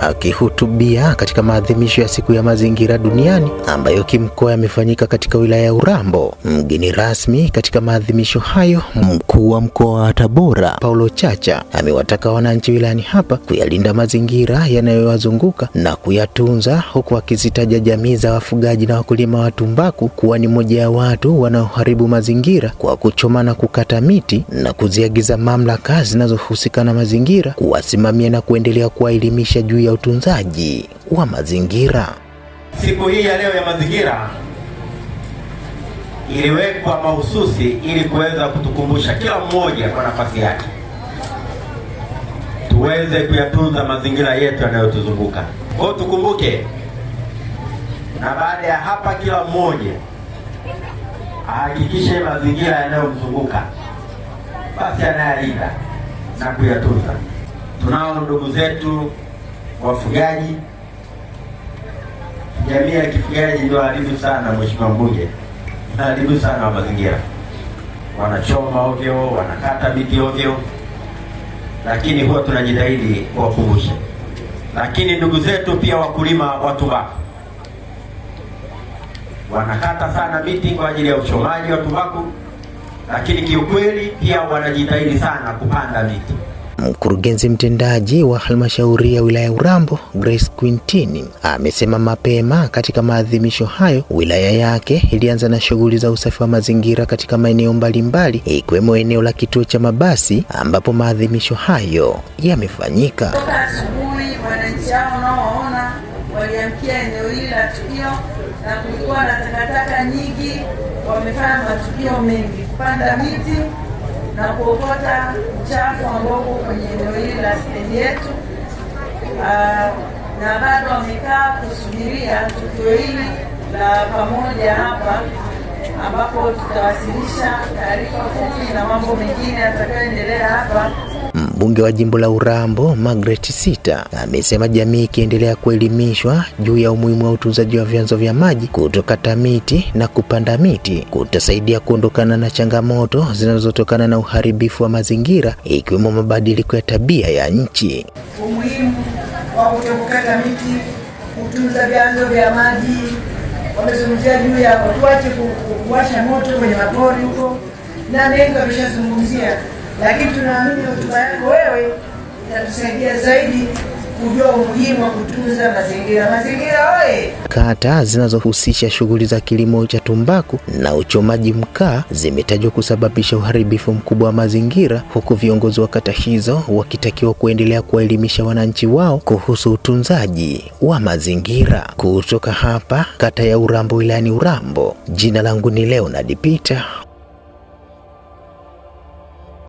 akihutubia katika maadhimisho ya siku ya mazingira duniani ambayo kimkoa yamefanyika katika wilaya ya Urambo. Mgeni rasmi katika maadhimisho hayo, mkuu wa mkoa wa Tabora Paulo Chacha amewataka wananchi wilayani hapa kuyalinda mazingira yanayowazunguka na kuyatunza, huku akizitaja jamii za wafugaji na wakulima wa tumbaku kuwa ni moja ya watu wanaoharibu mazingira kwa kuchoma na kukata miti na kuziagiza mamlaka zinazohusika na mazingira kuwasimamia na kuendelea kuwaelimisha juu ya utunzaji wa mazingira. Siku hii ya leo ya mazingira iliwekwa mahususi ili kuweza kutukumbusha kila mmoja kwa nafasi yake tuweze kuyatunza mazingira yetu yanayotuzunguka. Kwa hiyo tukumbuke, na baada ya hapa, kila mmoja ahakikishe mazingira yanayomzunguka basi anayalinda na kuyatunza. Tunao ndugu zetu wafugaji, jamii ya kifugaji ndio haribu sana, mheshimiwa mbunge, haribu sana wa mazingira, wanachoma ovyo, wanakata miti ovyo, lakini huwa tunajitahidi kuwakumbusha. Lakini ndugu zetu pia wakulima wa tumbaku wanakata sana miti kwa ajili ya uchomaji wa tumbaku, lakini kiukweli pia wanajitahidi sana kupanda miti. Mkurugenzi mtendaji wa halmashauri ya wilaya ya Urambo Grace Quintini amesema mapema katika maadhimisho hayo wilaya yake ilianza na shughuli za usafi wa mazingira katika maeneo mbalimbali ikiwemo eneo la kituo cha mabasi ambapo maadhimisho hayo yamefanyika. Asubuhi wananchi hao unaowaona waliamkia eneo hili la tukio, na kulikuwa na takataka nyingi, wamefanya matukio mengi kupanda miti na kuokota uchafu ambao kwenye eneo hili la stendi yetu. Uh, na bado wamekaa kusubiria tukio hili la pamoja hapa ambapo tutawasilisha taarifa kumi na mambo mengine yatakayoendelea hapa. Mbunge wa jimbo la Urambo Margaret Sita amesema jamii ikiendelea kuelimishwa juu ya umuhimu wa utunzaji wa vyanzo vya maji, kutokata miti na kupanda miti kutasaidia kuondokana na changamoto zinazotokana na uharibifu wa mazingira ikiwemo mabadiliko ya tabia ya nchi. Umuhimu wa kutokata miti, kutunza vyanzo vya maji, wamezungumzia juu ya watuache kuwasha moto kwenye mapori huko na mengi wameshazungumzia lakini tunaamini hotuba yako wewe itatusaidia zaidi kujua umuhimu wa kutunza mazingira. Mazingira Kata zinazohusisha shughuli za kilimo cha tumbaku na uchomaji mkaa zimetajwa kusababisha uharibifu mkubwa wa mazingira, huku viongozi wa kata hizo wakitakiwa kuendelea kuwaelimisha wananchi wao kuhusu utunzaji wa mazingira. Kutoka hapa kata ya Urambo wilayani Urambo, jina langu ni Leonard Peter.